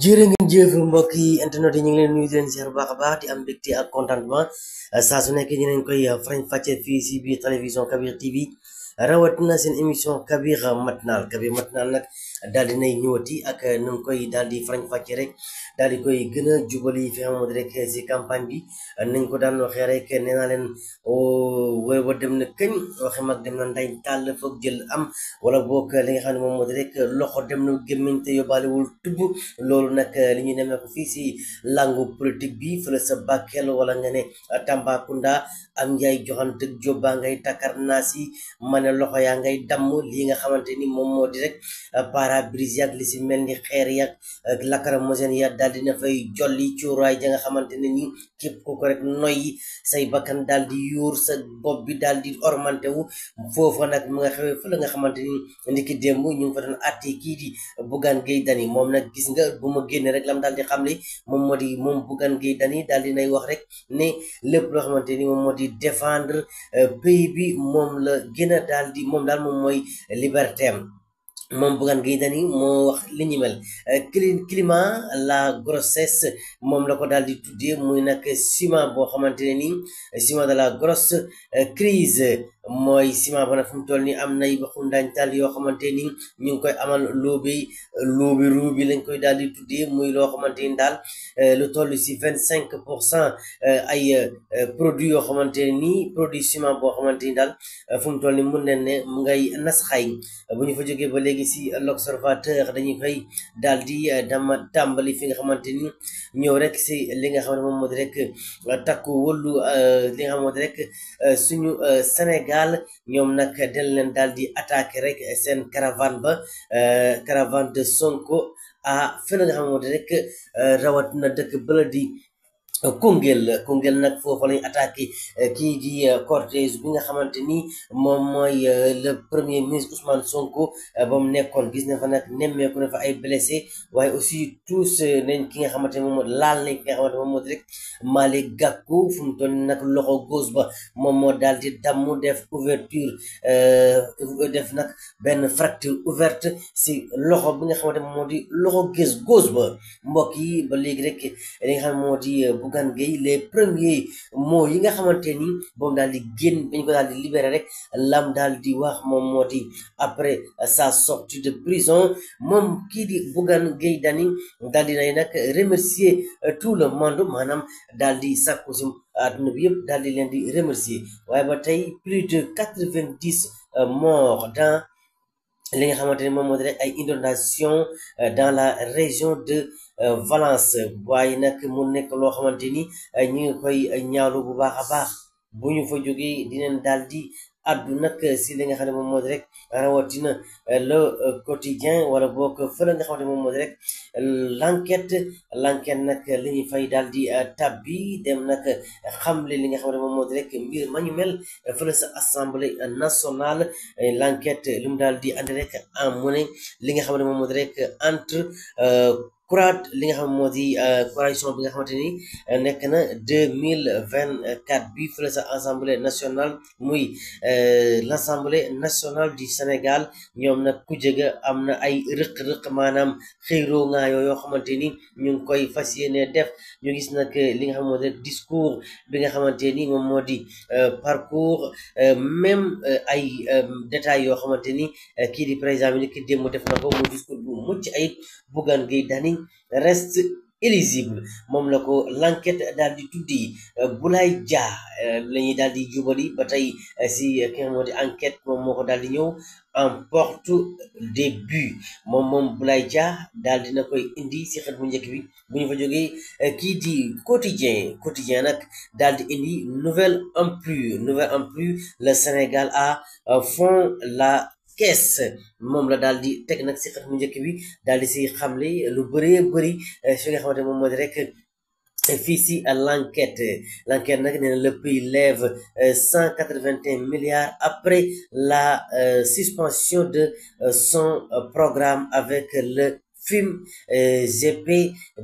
jërë ngeen jëf mbokk yi internet yi ñu ngi leen nuyu di leen ziar bu baax a baax di am mbégte ak contentement saa su nekk ñu leen koy uh, farañ fàcce fii si biir télévision Kabir TV rawatina seen émission Kabir matinal Kabir matinal nag daal di nay ñëwati ak uh, nu koy daal di farañ fàcce rek daal di koy gën a jubali fi nga xamante rek si campagne bi nañ ko daan waxee rek nee naa leen way wa dem na këñ waxe mag dem na nday tàll foog jël am wala boog li nga xam ne moom moo di rek loxo dem na gémmiñ te yóbbaalewul tubb loolu nag li ñu nemee fii si langu politique bi fële sa Bakel wala nga ne Tambacounda am njaay joxante jóbbaa ngay takar naa si ma ne loxo yaa ngay damm lii nga xamante ni moom moo di rek parabrise yag li si mel ni xeer yag ya daal dina fay jolli cuuraay ja nga xamante ne ni képp ku ko rek noyyi say bakkan daal di yuur sa bopp bi daal di ormante wu foofa nag nga xewee fa la nga xamante ni ndiki démb ñu ngi fa doon kii di Bougane Gueye Dany moom nag gis nga bu ma génne rek lam daal di xamle moom moo di moom Bougane Gueye Dany daal di nay wax rek ne lépp loo xamante ni moom moo di défendre euh, pays bi moom la gën a daal di moom daal moom mooy liberté moom Bougane Gueye Dany moo wax li ñu mel euh, climat la grossesse moom la ko daal di tuddee muy nag ciment boo xamante ne ni ciment de la grosse euh, crise mooy ciment ba nag fu mu toll nii am nay ba xundaañtal yoo xamante ni ñu ngi koy amal loobi loobi ruubi lañ koy daal di tuddee muy loo xamante ni daal eh, lu toll si vingt cinq pour cent eh, ay eh, produits yoo xamante ni produi ciment boo xamante ni daal fu mu toll ni mun nañ ne mu ngay nasxay bu ñu fa jógee ba léegi si l'observateur dañuy koy daal di dama tàmbali fi nga xamante ni ñëw rek si li nga xam ne moom moo di rek takku wëllu li nga xam rek suñu Sénégal Sénégal ñoom nag del leen daal di attaqué rek seen caravane ba euh, caravane de Sonko a ah, fële nga xam ne rek euh, rawat na dëkk bëla Koungheul Koungheul nag foofu lañ attaqué eh, kii di eh, cortège bi nga xamante ni moom mooy eh, le premier ministre Ousmane Sonko ba mu nekkoon gis na fa nag nemmeeku na fa ay blessé waaye aussi tous nañ ki nga xamante ni moom moo laal ki nga xamante moom moo di rek Malick Gakou fu mu toll loxo gauche ba moom moo daal di damm def ouverture def nag benn fracture ouverte si loxo bi nga xamante moom di loxo gis gauche ba mbokk yi ba léegi rek li nga xam moo di Bougane Gueye les premiers mots yi nga xamante ni moom daal di génn dañ ko daal di libéré rek lam daal di wax moom moo di après sa sortie de prison moom kii di Bougane Gueye Dany daal di nay nag remercier euh, tout le monde maanaam daal di sàkku si àdduna bi yëpp daal di leen di remercier waaye ba tey plus de quatre-vingt-dix euh, morts dans li nga xamante ni moom moo ay inondations euh, dans la région de Euh, Valence waaye nag mu nekk loo xamante ni euh, ñu ngi koy euh, ñaawlu bu baax a baax ñu fa jógee dinañ daal di addu nag si li nga xam ne moom moo di rek rawatina le quotidien wala boog fële nga xam ne moom moo di rek l'enquête nag li ñu fay daal di tabbi dem nag xamle li nga xam ne moom moo di rek mbir ma ñu mel fële sa nationale l'enquête li mu daal di andi rek am mu ne li nga xam ne moom moo di rek kuraat li nga xam moo di euh, coalition bi nga xamante ni euh, nekk na deux mille vingt quatre bi fële sa assemblée nationale muy euh, l' assemblée nationale du Sénégal ñoom nag ku jega am na ay rëq-rëq maanaam xëyroo nga yoo xamante ni ñu ngi koy fas yéene def ñu gis nag li nga xam moo di discours bi nga xamante ni moom moo di parcours même ay détails yoo xamante ni kii di président bi ni ki démb def na ko mu discours bu mucc ayib Bougane Gueye Dany reste éligible moom la ko l'enquête daal di tuddi euh, Boulaye Dia euh, la ñuy daal di jubali ba tey euh, si ki nga moo di enquête moom moo ko daal di ñëw en porte des buts moom moom Boulaye Dia daal dina koy indi si xët bu njëkk bi bu ñu fa kii di quotidien quotidien nag daal di indi nouvelle en plus nouvelle en plus le Sénégal a fond la kees moom la daal di teg nag si xët mu njëkk bi daal di si xamle lu bëree bëri eh, fi nga xamante moom moo di rek eh, fii si l'enquête l'enquête nag nee na le pays lève eh, cent quatre-vingt-un milliards après la suspension de son programme avec le film euh, GP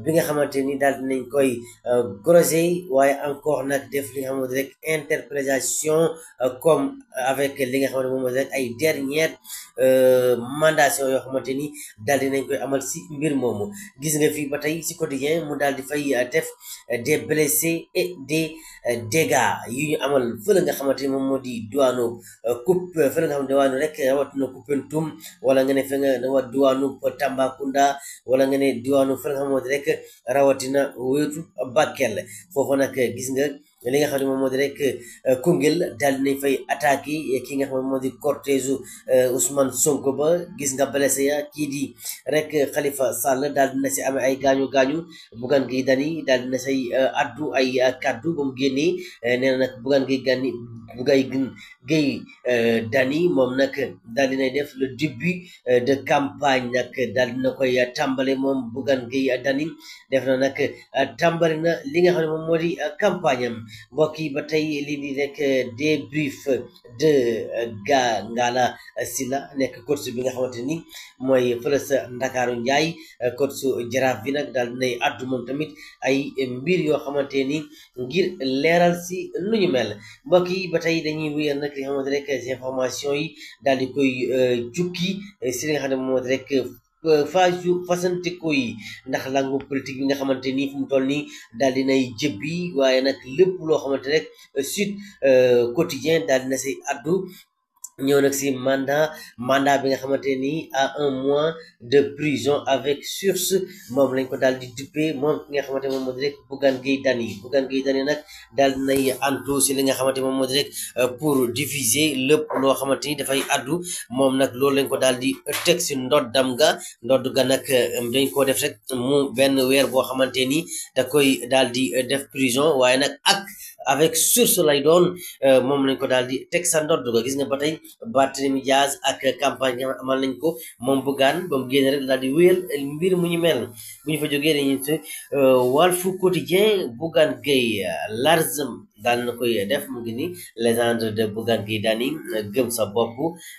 bi nga xamante ni daal dinañ koy euh, grosé waaye encore nag def li nga xamante rek interprétation euh, comme avec li nga xamante moom mooy rek ay dernière mandation yoo xamante ni daal dinañ koy amal si mbir moomu gis nga fii ba tey si quotidien mu daal di fay def des blessés et des dégâts yu ñu amal fële nga xamante ni moom di duwaanu coupe fële nga xam ne duwaanu rek rawatina Koupentoum wala nga ne fe nga diwaanu Tambacounda wala nga ne diwaanu fa nga di rek rawatina wéetu Bakel foofa nag gis nga li nga xam ne moom moo di rek Koungheul daal dinañ fay attaque yi ki nga xam ne moo di cortège Ousmane Sonko ba gis nga blessé ya kii di rek Khalifa Sall daal dina si amee ay gaañu gaañu bugan gi dani daal dina say addu ay kaddu ba mu génnee eh, nee na nag bugan Bougay Gueye euh, Dany moom nag daal dinay def le début euh, de campagne nag daal dina koy tàmbale moom Bougane Gueye Dany def na nag euh, tàmbale na li nga xam ne moom moo di campagne am mbokk yi ba tey lii di rek débrief de ga Ngala Sylla nekk coach bi nga xamante ni mooy fële sa Ndakaaru Njaay coach Jaraaf bi nag daal dinay addu tamit ay mbir yoo xamante ni ngir leeral si nu ñu ba tey dañuy wéyal na li nga xamante rek information yi daal di koy euh, jukki euh, si li nga xam ne moom rek phase euh, yu fasante ko yi ndax langu politique bi nga xamante ni fu mu toll nii daal di nay jëbbi waaye nag lépp loo xamante rek Sud Quotidien daal di na say addu ñëw nag si manda manda bi nga xamante ni à un mois de prison avec sursis moom lañ ko daal di duppe moom ki nga xamante moom moo di rek Bougane Gueye Dany Bougane Gueye Dany nag daal dinay antu si li nga xamante moom moo di rek euh, pour diviser lépp loo xamante ni dafay addu moom nag loolu lañ ko daal di teg si ndoddam ga ndodd ga nag euh, dañ ko def rek mu benn weer boo xamante ni da koy daal di euh, def prison waaye nag ak avec source lay doon euh, moom lañ ko daal di teg sa ndodd ko gis nga ba tey Barthélemy Diaz ak campagne amal nañ ko moom Bougane ba mu génn rek daal di wéyal mbir mu ñu mel bu ñu fa jógee dañuy euh, Walf Quotidien Bougane Gueye Larzim daal na koy def mu ngi ni légende de Bougane Gueye Dany gëm sa bopp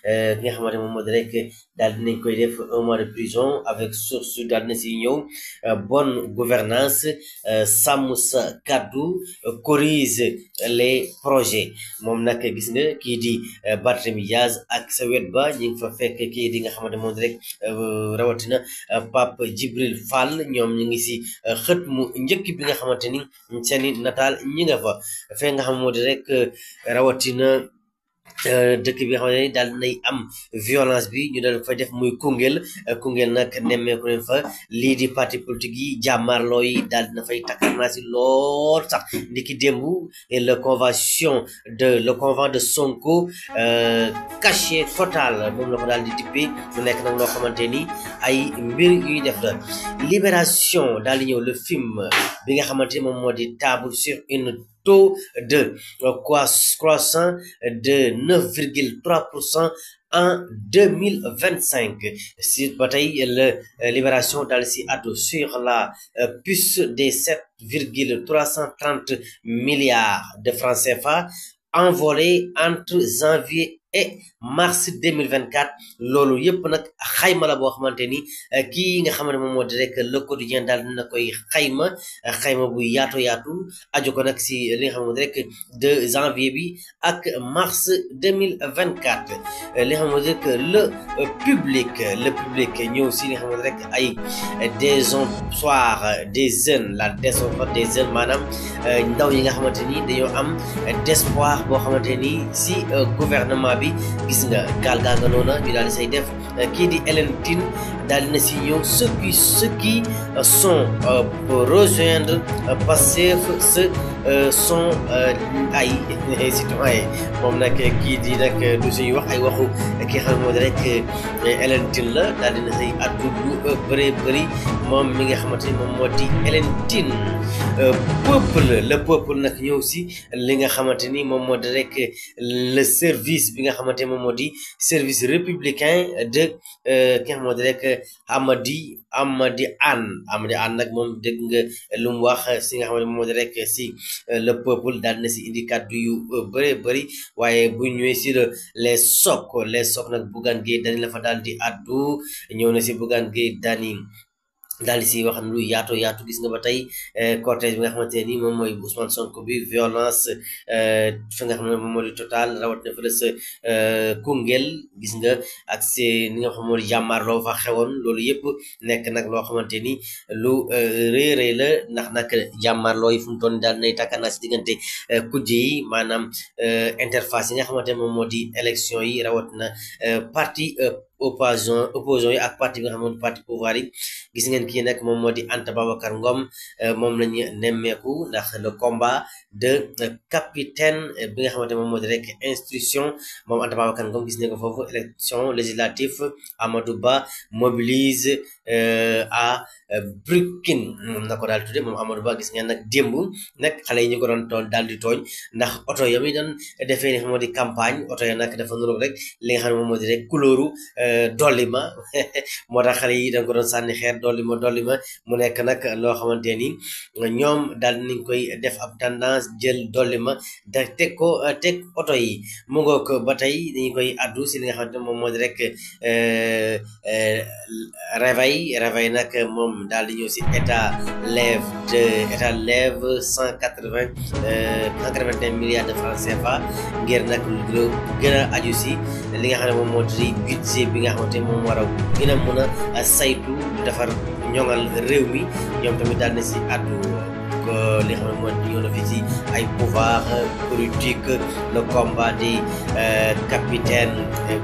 euh, ki nga xamante moom moo di rek daal dinañ koy def un mois de prison avec source daal dina si ñëw euh, bonne gouvernance euh, sàmm sa kàddu corrige les projets moom nag gis nga kii di Barthélemy Diaz ak sa wet ba ñu fa fekk kii di nga xamante moom di rek rawatina Pape Djibril Fall ñoom ñu ngi si xët njëkk bi nga xamante ni seeni nataal ñi nga fa fee nga xam moo di rek euh, rawatina euh, dëkk bi nga xam ne daal nay am violence bi ñu dal fa def muy Koungheul euh, Koungheul nag nemmeeku leen fa lii di parti politique yi jàmmarloo yi daal dina fay takkarnaa si lool sax ndiki démb le convention de le convent de Sonko cachet total moom la ko daal di dippe mu nekk nag loo xamante ay mbir yuy def la libération daal di ñëw le film bi nga xamante ni moom moo di table sur une taux de euh, croissance de 9,3% en 2025 si ba tey la euh, libération dal si addu sur la euh, puce des 7,330 milliards de francs CFA envolés entre janvier et mars 2024 loolu yëpp nag xayma la boo xamante ni euh, kii nga xam ne moom moo di rek le quotidien daal na koy xayma euh, xayma bu yaato yaatu aju ko nag si li nga xam ne rek de janvier bi ak mars 2024 euh, li nga xam ne rek le public le public ñëw si li nga xam rek ay désensoir des jeunes la désensoir des jeunes maanaam ndaw yi nga xamante ni dañoo am d'espoir boo xamante si gouvernement bi bi gis nga gaal gaa nga noona ñu daal say def eh, kii di Hélène Tine daal dina si ñëw ceux qui ceux qui euh, sont pour euh, rejoindre euh, Pastef ce sont ay citoyen moom nag kii di nag du suñu wax ay waxu ki xam moo di la daal dina say addu lu bëri mi nga xamante ni moom moo di Hélène Tine peuple li nga xamante ni moom moo le service bi nga xamante ni moom moo di service républicain de ki nga Amady Amady Anne Amady Anne nag moom dégg nga lu wax si nga xam ne moom rek si euh, le peuple daal si indi kàddu yu euh, bëri bëri waaye bu ñëwee si les socs les socs nag Bougane Gueye Dany la fa daal di addu ñëw na si Bougane Gueye Dany daal di si wax lu yaato yatu gis nga ba tey eh, cortège bi nga xamante ni moom mooy Ousmane Sonko bi violence eh, fi nga xam ne moom mooy total rawat na fële sa eh, Koungheul gis nga ak seen ni nga xam mooy jàmmaar loo fa xewoon loolu yëpp nekk nag loo xamante ni lu rëy rëy la ndax nag jàmmaar looy fu mu toll daal nay takkanaa si diggante kujje yi maanaam interface yi nga xamante moom moo di élection yi rawat na parti opposition opposition yi ak parti bi nga xamoon parti pouvoir yi gis ngeen kii nag moom moo di Anta Babacar Ngom euh, moom lañu nemmeeku ndax le combat de capitaine bi nga xamante moom moo di rek institution moom Anta Babacar Ngom gis ngeen ko foofu élection législative Amadou Ba mobilise a Brooklyn na ko daal tudde moom Amadou Ba gis ngeen nag démb nag xale yi ñu ko doon tool daal di tooñ ndax oto yam yi doon defee ni moo di campagne oto ya dolli ma moo tax xale yi da nga ko doon sànni xeer dolli ma dolli ma mu nekk nag loo xamante ni ñoom daal nañ koy def ab tendance jël dolli ma da teg ko teg oto yi mu ngoog ba tey dañu koy addu si li nga xamante moom moo di rek eh, eh, réveil réveil nag moom daal di ñëw si état lève de état lève cent quatre vingt eh, cent quatre vingt un milliards de francs CFA ngir nag lu gën a si li nga xam ne moom bi nga xamante moom war a gën a mën a saytu defar ñoŋal réew mi ñoom tamit daal na si àddu li xam ne mooy ñëw na fi si ay pouvoir euh, politique le combat di euh, capitaine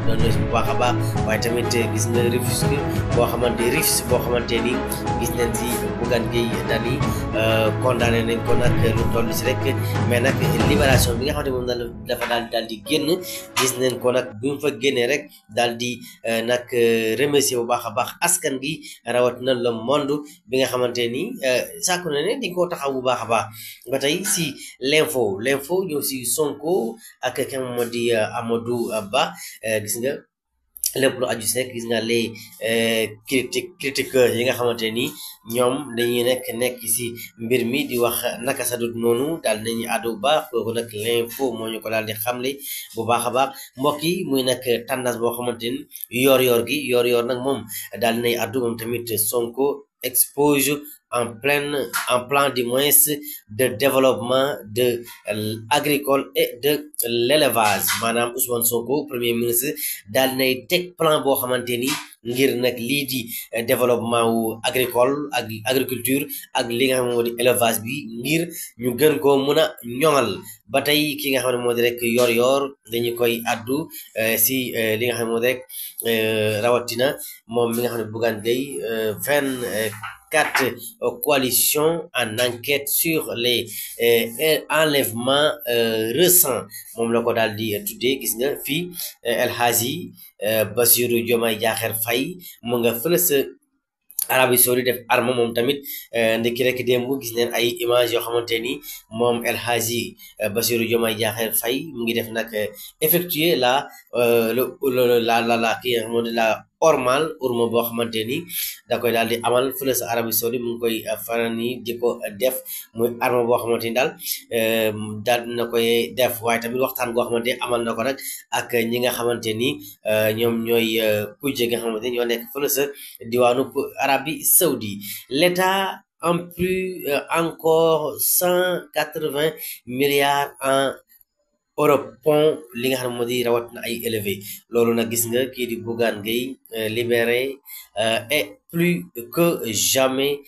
doon na si a baax waaye tamit euh, gis na Rufisque boo xamante Rufisque boo xamante ni gis nañ si Bougane Gueye Dany condamné nañ ko nag lu toll rek mais nag libération bi nga xamante moom dafa daal daal di génn gis nañ ko nag bu mu génnee rek daal di nag remercier bu baax a baax askan gi rawat na le monde bi nga xamante ni sàkku na ne di ko taxaw bu baax a baax ba tey si l'info l'info ñëw si Sonko ak kenn moo di eh, Amadou Ba eh, gis nga lépp lu aju si rek le nga les eh, critique critiqueurs yi nga xamante ni ñoom dañuy nekk nekk si mbir mi di wax naka sadut noonu daal nañu àddu bu baax kooku nag l'info moo ñu ko daal di xamle bu baax a baax mbokk yi muy nag tendance boo xamante ni yor-yor gi yor-yor nag moom daal di nay àddu moom tamit Sonko. expose en plein en plan du moins de développement de agricole et de l'élevage maanaam Ousmane Sonko premier ministre daal nay teg plan boo xamante ni ngir nag lii di eh, développement wu agricole ak agriculture ak li di élevage bi ngir ñu gën koo mën a ñoŋal ba tey ki nga xam ne moo di rek yor-yor dañu koy addu eh, si eh, li nga xam ne moo di rek rawatina moom mi nga xam ne Bougane Gueye vingt. quatre coalitions en enquête sur les euh, enlèvements euh, récents moom la ko daal di tuddee gis nga fii euh, El Hadji Bassirou Diomaye Diakhar Faye mu nga fële sa Arabie def arme moom tamit ndekki rek démb gis neen ay image yoo xamante ni moom El Hadji Bassirou Diomaye Diakhar Faye mu ngi def nag effectuer la la la la la ormal urma boo xamante ni da koy daal di amal fële sa Arabie Saoudite mu ngi koy euh, fanaan yi di ko def muy arma boo xamante ni daal euh, daal na koy def waaye tamit waxtaan goo xamante amal na ko nag ak ñi nga xamante ni euh, ñoom ñooy kujje nga xamante ni ñoo nekk fële sa diwaanu Arabie Saoudite l'état en plus encore cent quatre-vingts milliards en Europe pont li nga xam ne moo di rawat na ay élevé loolu nag gis nga kii di Bougane Gueye euh, libéré euh, et plus que jamais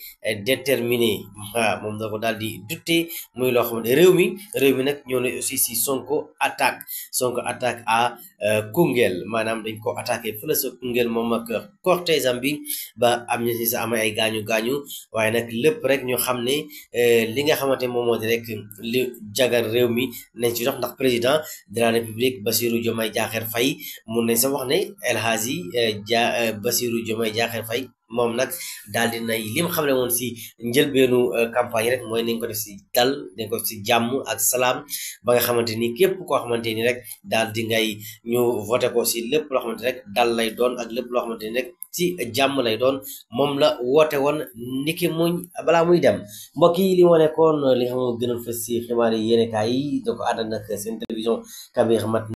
déterminé waaw moom da daal di dutte muy loo xam ne réew mi réew mi nag ñoo ne si Sonko attaque Sonko attaque à euh, Koungheul maanaam dañ ko attaqué fële sa Koungheul moom ak cortège am bi ba am ñu si sa amee ay gaañu gaañu waaye nag lépp rek ñu xam ne euh, li nga xamante moom moo di rek li jagar réew mi nañ ci dox ndax président de la république Bassirou Diomaye Diakhar fay mun nañ sa wax ne El Hadji euh, Dia Bassirou Diomaye Diakhar Faye moom nag daal di nay li mu xam ne woon si njëlbeenu euh, campagne rek mooy nañ ko si dal dañ ko si jàmm ak salaam ba nga xamante ni képp koo xamante ni rek daal di ngay ñu voté ko si lépp loo xamante rek dal lay doon ak lépp loo xamante ni rek si jàmm lay doon moom la woote woon niki muñ balaa muy dem mbokk yi li ma nekkoon li nga xam ne gënoon fa si xibaar yi yéenekaay yi da télévision Kabir Mat